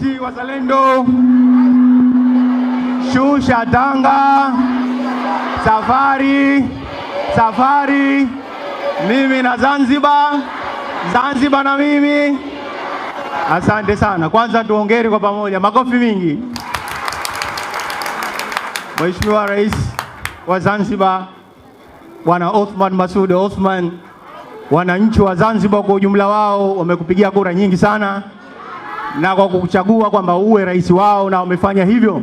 ACT Wazalendo, shusha tanga, safari safari, mimi na Zanzibar, Zanzibar na mimi. Asante sana. Kwanza tuongeri kwa pamoja, makofi mingi. Mheshimiwa Rais wa Zanzibar Bwana Othman Masoud Othman, wananchi wa Zanzibar kwa ujumla wao wamekupigia kura nyingi sana na kwa kuchagua kwamba uwe rais wao, na wamefanya hivyo.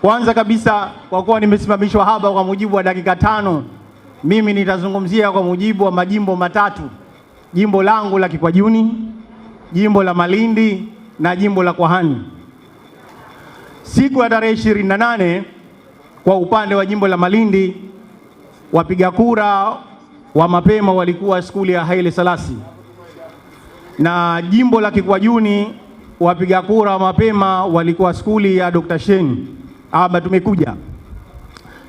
Kwanza kabisa, kwa kuwa nimesimamishwa hapa kwa mujibu wa dakika tano, mimi nitazungumzia kwa mujibu wa majimbo matatu: jimbo langu la Kikwajuni, jimbo la Malindi na jimbo la Kwahani. Siku ya tarehe ishirini na nane kwa upande wa jimbo la Malindi, wapiga kura wa mapema walikuwa skuli ya Haile Selassie na jimbo la Kikwajuni wapiga kura mapema walikuwa skuli ya Dr. Shen aba tumekuja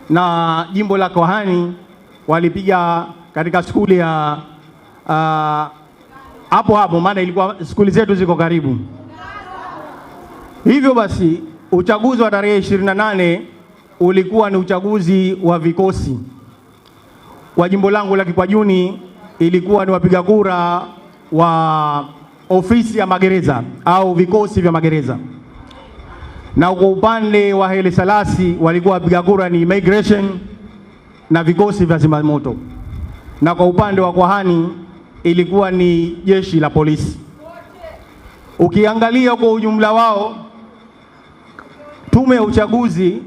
na jimbo la Kohani walipiga katika skuli ya ah, hapo uh, hapo, maana ilikuwa skuli zetu ziko karibu. Hivyo basi uchaguzi wa tarehe 28 ulikuwa ni uchaguzi wa vikosi. Kwa jimbo langu la Kikwajuni ilikuwa ni wapiga kura wa ofisi ya magereza au vikosi vya magereza, na kwa upande wa Haile Selassie walikuwa wapiga kura ni immigration na vikosi vya zimamoto, na kwa upande wa Kwahani ilikuwa ni jeshi la polisi. Ukiangalia kwa ujumla wao, tume ya uchaguzi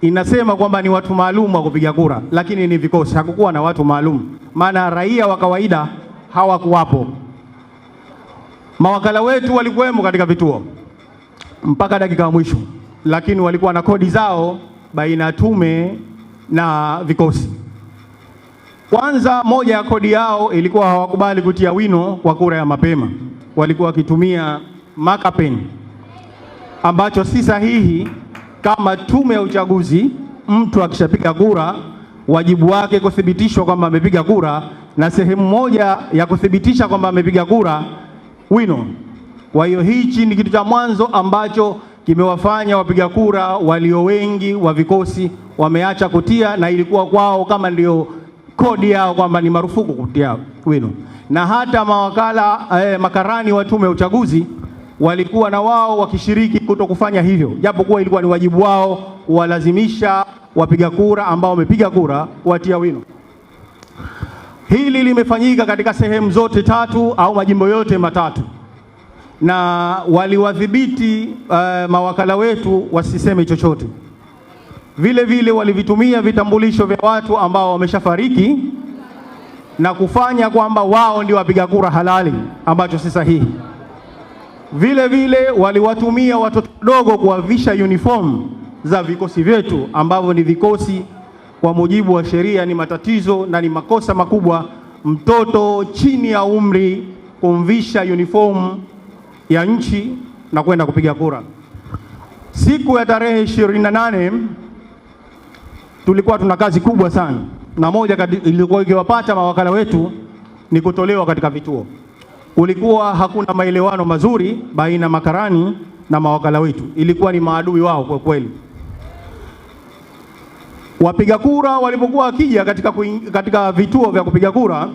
inasema kwamba ni watu maalum wa kupiga kura, lakini ni vikosi. Hakukuwa na watu maalum, maana raia wa kawaida hawakuwapo. Mawakala wetu walikuwemo katika vituo mpaka dakika ya mwisho, lakini walikuwa na kodi zao baina ya tume na vikosi. Kwanza, moja ya kodi yao ilikuwa hawakubali kutia wino kwa kura ya mapema, walikuwa wakitumia makapeni ambacho si sahihi. Kama tume ya uchaguzi, mtu akishapiga kura, wajibu wake kuthibitishwa kwamba amepiga kura, na sehemu moja ya kuthibitisha kwamba amepiga kura wino. Kwa hiyo hichi ni kitu cha mwanzo ambacho kimewafanya wapiga kura walio wengi wa vikosi wameacha kutia, na ilikuwa kwao kama ndio kodi yao kwamba ni marufuku kutia wino, na hata mawakala eh, makarani wa tume ya uchaguzi walikuwa na wao wakishiriki kuto kufanya hivyo, kuwa ilikuwa ni wajibu wao kuwalazimisha wapiga kura ambao wamepiga kura watia wino. Hili limefanyika katika sehemu zote tatu au majimbo yote matatu, na waliwadhibiti uh, mawakala wetu wasiseme chochote. Vile vile walivitumia vitambulisho vya watu ambao wameshafariki na kufanya kwamba wao ndio wapiga kura halali, ambacho si sahihi. Vile vile waliwatumia watoto wadogo kuwavisha uniform za vikosi vyetu ambavyo ni vikosi kwa mujibu wa sheria ni matatizo na ni makosa makubwa mtoto chini ya umri kumvisha uniform ya nchi na kwenda kupiga kura. Siku ya tarehe 28 tulikuwa tuna kazi kubwa sana, na moja ilikuwa ikiwapata mawakala wetu ni kutolewa katika vituo. Kulikuwa hakuna maelewano mazuri baina makarani na mawakala wetu, ilikuwa ni maadui wao kwa kweli. Wapiga kura walipokuwa wakija katika, katika vituo vya kupiga kura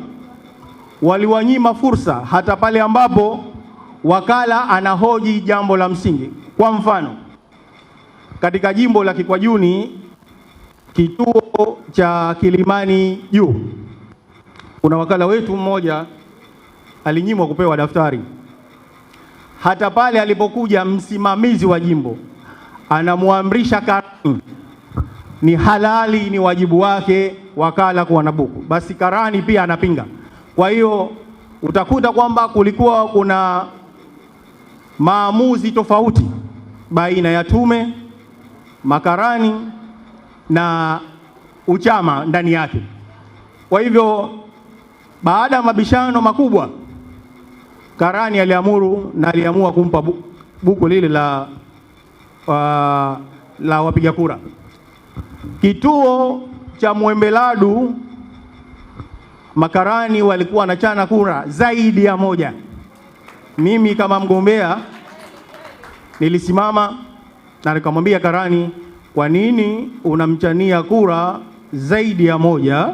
waliwanyima fursa hata pale ambapo wakala anahoji jambo la msingi. Kwa mfano, katika jimbo la Kikwajuni kituo cha Kilimani juu, kuna wakala wetu mmoja alinyimwa kupewa daftari hata pale alipokuja msimamizi wa jimbo anamwamrisha karani ni halali, ni wajibu wake wakala kuwa na buku. Basi karani pia anapinga. Kwa hiyo utakuta kwamba kulikuwa kuna maamuzi tofauti baina ya tume, makarani na uchama ndani yake. Kwa hivyo baada ya mabishano makubwa, karani aliamuru na aliamua kumpa buku lile la, uh, la wapiga kura. Kituo cha Mwembeladu Makarani walikuwa wanachana kura zaidi ya moja. Mimi kama mgombea nilisimama na nikamwambia Karani, kwa nini unamchania kura zaidi ya moja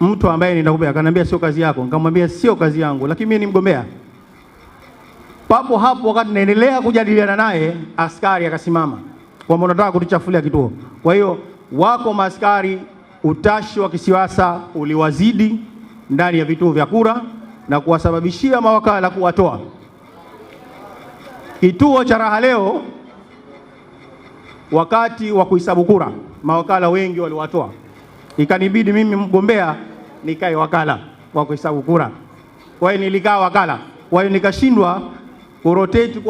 mtu ambaye nitakupa? Akaniambia sio kazi yako. Nikamwambia sio kazi yangu, lakini mimi ni mgombea. Papo hapo, wakati naendelea kujadiliana naye, askari akasimama kwamba unataka kutuchafulia kituo. Kwa hiyo wako maaskari utashi wa kisiasa uliwazidi ndani ya vituo vya kura na kuwasababishia mawakala kuwatoa. Kituo cha Raha leo, wakati wa kuhesabu kura, mawakala wengi waliwatoa, ikanibidi mimi mgombea nikae wakala wa kuhesabu kura. Kwa hiyo nilikaa wakala, kwa hiyo nikashindwa kurotate.